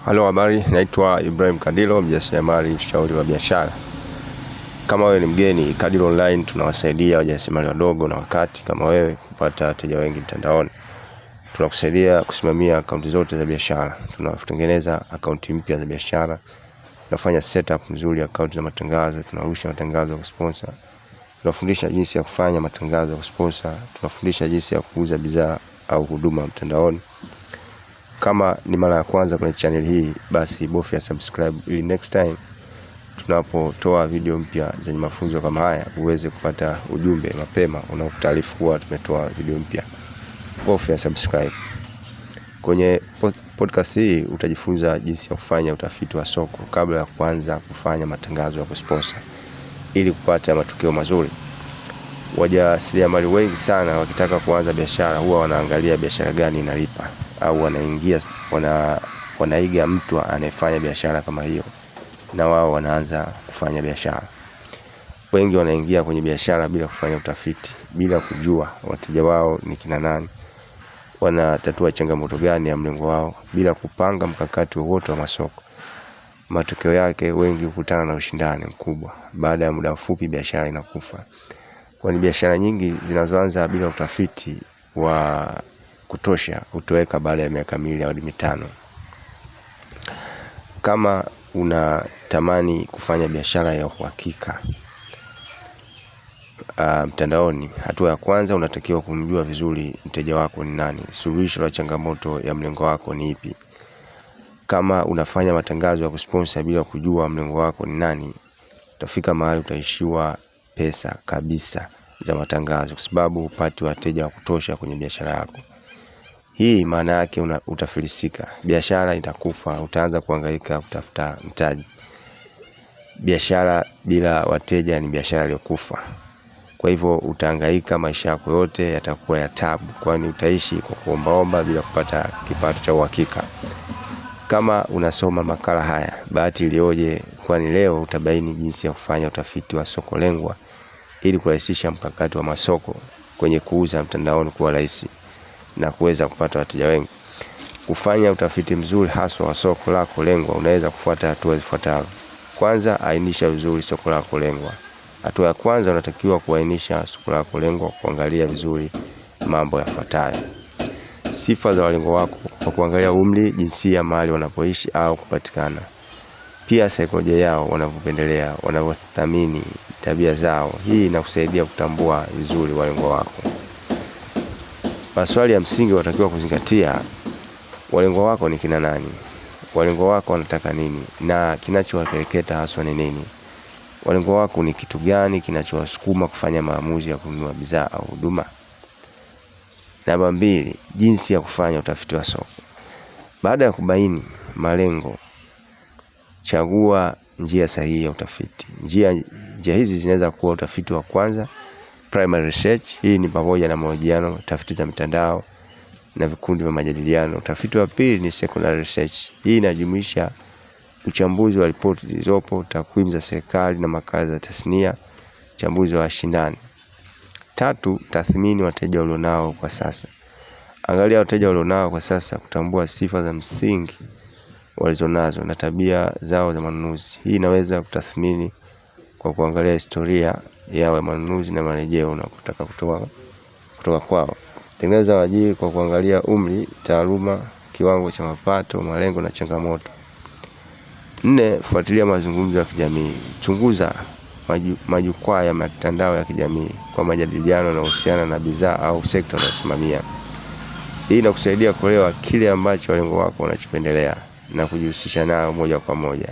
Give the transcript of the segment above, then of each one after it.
Halo, habari. Naitwa Ibrahim Kadilo, mjasiriamali mshauri wa biashara. Kama wewe ni mgeni, Kadilo Online tunawasaidia wajasiriamali wadogo na wakati kama wewe kupata wateja wengi mtandaoni. Tunakusaidia kusimamia akaunti zote za biashara, tunatengeneza akaunti mpya za biashara, tunafanya setup nzuri akaunti za matangazo, tunarusha matangazo ya sponsor, tunafundisha jinsi ya kufanya matangazo ya sponsor, tunafundisha jinsi ya kuuza bidhaa au huduma mtandaoni. Kama ni mara ya kwanza kwenye channel hii basi bofya subscribe ili next time tunapotoa video mpya zenye mafunzo kama haya uweze kupata ujumbe mapema unaokutaarifu kuwa tumetoa video mpya. Bofya subscribe. Kwenye podcast hii utajifunza jinsi ya kufanya utafiti wa soko kabla ya kuanza kufanya matangazo ya kusponsor ili kupata matokeo mazuri. Wajasiriamali wengi sana wakitaka kuanza biashara huwa wanaangalia biashara gani inalipa au wanaingia wana, wanaiga mtu anayefanya biashara kama hiyo na wao wanaanza kufanya biashara. Wengi wanaingia kwenye biashara bila kufanya utafiti, bila kujua wateja wao ni kina nani, wanatatua changamoto gani ya mlengo wao, bila kupanga mkakati wowote wa masoko. Matokeo yake wengi hukutana na ushindani mkubwa. Baada ya muda mfupi, biashara inakufa, kwani biashara nyingi zinazoanza bila utafiti wa kutosha hutoweka baada ya miaka miwili hadi mitano. Kama unatamani kufanya biashara ya uhakika ah, mtandaoni, hatua ya kwanza unatakiwa kumjua vizuri mteja wako ni nani, suluhisho la changamoto ya mlengo wako ni ipi. Kama unafanya matangazo ya kusponsor bila kujua mlengo wako ni nani, utafika mahali utaishiwa pesa kabisa za matangazo kwa sababu hupati wateja wa kutosha kwenye biashara yako. Hii maana yake utafilisika, biashara itakufa, utaanza kuhangaika kutafuta mtaji. Biashara bila wateja ni biashara iliyokufa. Kwa hivyo utahangaika, maisha yako yote yatakuwa ya tabu, kwani utaishi kwa kuombaomba bila kupata kipato cha uhakika. Kama unasoma makala haya, bahati iliyoje! Kwani leo utabaini jinsi ya kufanya utafiti wa soko lengwa ili kurahisisha mkakati wa masoko kwenye kuuza mtandaoni kuwa rahisi na kuweza kupata wateja wengi. Kufanya utafiti mzuri haswa wa soko lako lengwa, unaweza kufuata hatua zifuatazo. Kwanza, ainisha vizuri soko lako lengwa. Hatua ya kwanza unatakiwa kuainisha soko lako lengwa kuangalia vizuri mambo yafuatayo. Sifa za walengo wako kwa kuangalia umri, jinsia, mahali wanapoishi au kupatikana. Pia saikolojia yao, wanavyopendelea, wanavyothamini, tabia zao. Hii inakusaidia kutambua vizuri walengo wako. Maswali ya msingi watakiwa kuzingatia, walengo wako ni kina nani, walengo wako wanataka nini, na kinachowapeleketa haswa ni nini. Walengo wako ni kitu gani kinachowasukuma kufanya maamuzi ya kununua bidhaa au huduma. Namba mbili, jinsi ya kufanya utafiti wa soko. Baada ya kubaini malengo, chagua njia sahihi ya utafiti. Njia, njia hizi zinaweza kuwa utafiti wa kwanza primary research. Hii ni pamoja na mahojiano, tafiti za mitandao na vikundi vya majadiliano. Utafiti wa pili ni secondary research. Hii inajumuisha uchambuzi wa ripoti zilizopo, takwimu za serikali na makala za tasnia, uchambuzi wa washindani. Tatu, tathmini wateja walionao kwa sasa. Angalia wateja walionao kwa sasa, kutambua sifa za msingi walizonazo na tabia zao za manunuzi. Hii inaweza kutathmini kwa kuangalia historia ya manunuzi na marejeo na kutaka kutoka kutoka kwao. Tengeneza waajiri kwa kuangalia umri, taaluma, kiwango cha mapato, malengo na changamoto. Nne, fuatilia mazungumzo ya kijamii. Chunguza majukwaa ya mitandao ya kijamii kwa majadiliano yanayohusiana na bidhaa au sekta unayosimamia. Hii inakusaidia kuelewa kile ambacho walengo wako wanachopendelea na kujihusisha nao moja kwa moja.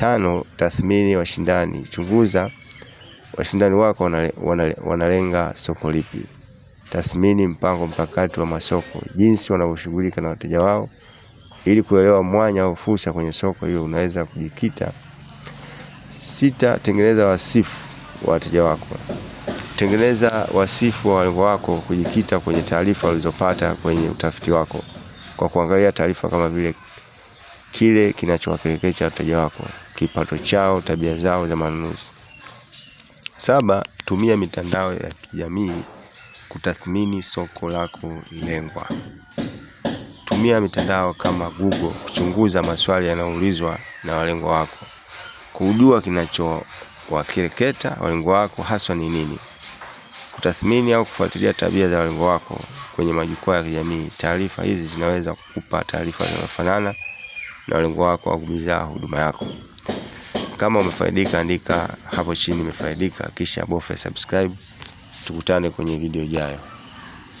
Tano, tathmini washindani. Chunguza washindani wako wanalenga soko lipi. Tathmini mpango mkakati wa masoko, jinsi wanavyoshughulika na wateja wao ili kuelewa mwanya au fursa kwenye soko hilo unaweza kujikita. Sita, tengeneza wasifu wa wateja wako. Tengeneza wasifu wa walengo wako kujikita kwenye taarifa ulizopata kwenye utafiti wako kwa kuangalia taarifa kama vile kile kinachowapelekesha wateja wako, kipato chao, tabia zao za manunuzi. Saba, tumia mitandao ya kijamii kutathmini soko lako lengwa. Tumia mitandao kama Google kuchunguza maswali yanayoulizwa na walengwa wako. Kujua kinachowakereketa walengwa wako haswa ni nini. Kutathmini au kufuatilia tabia za walengwa wako kwenye majukwaa ya kijamii. Taarifa hizi zinaweza kukupa taarifa zinazofanana na lengo wako au bidhaa huduma yako. Kama umefaidika andika hapo chini umefaidika kisha bofya subscribe. Tukutane kwenye video ijayo.